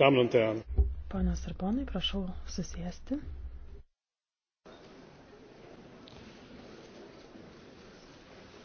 Damen und Herren. Panas ir ponai, prašau susėsti.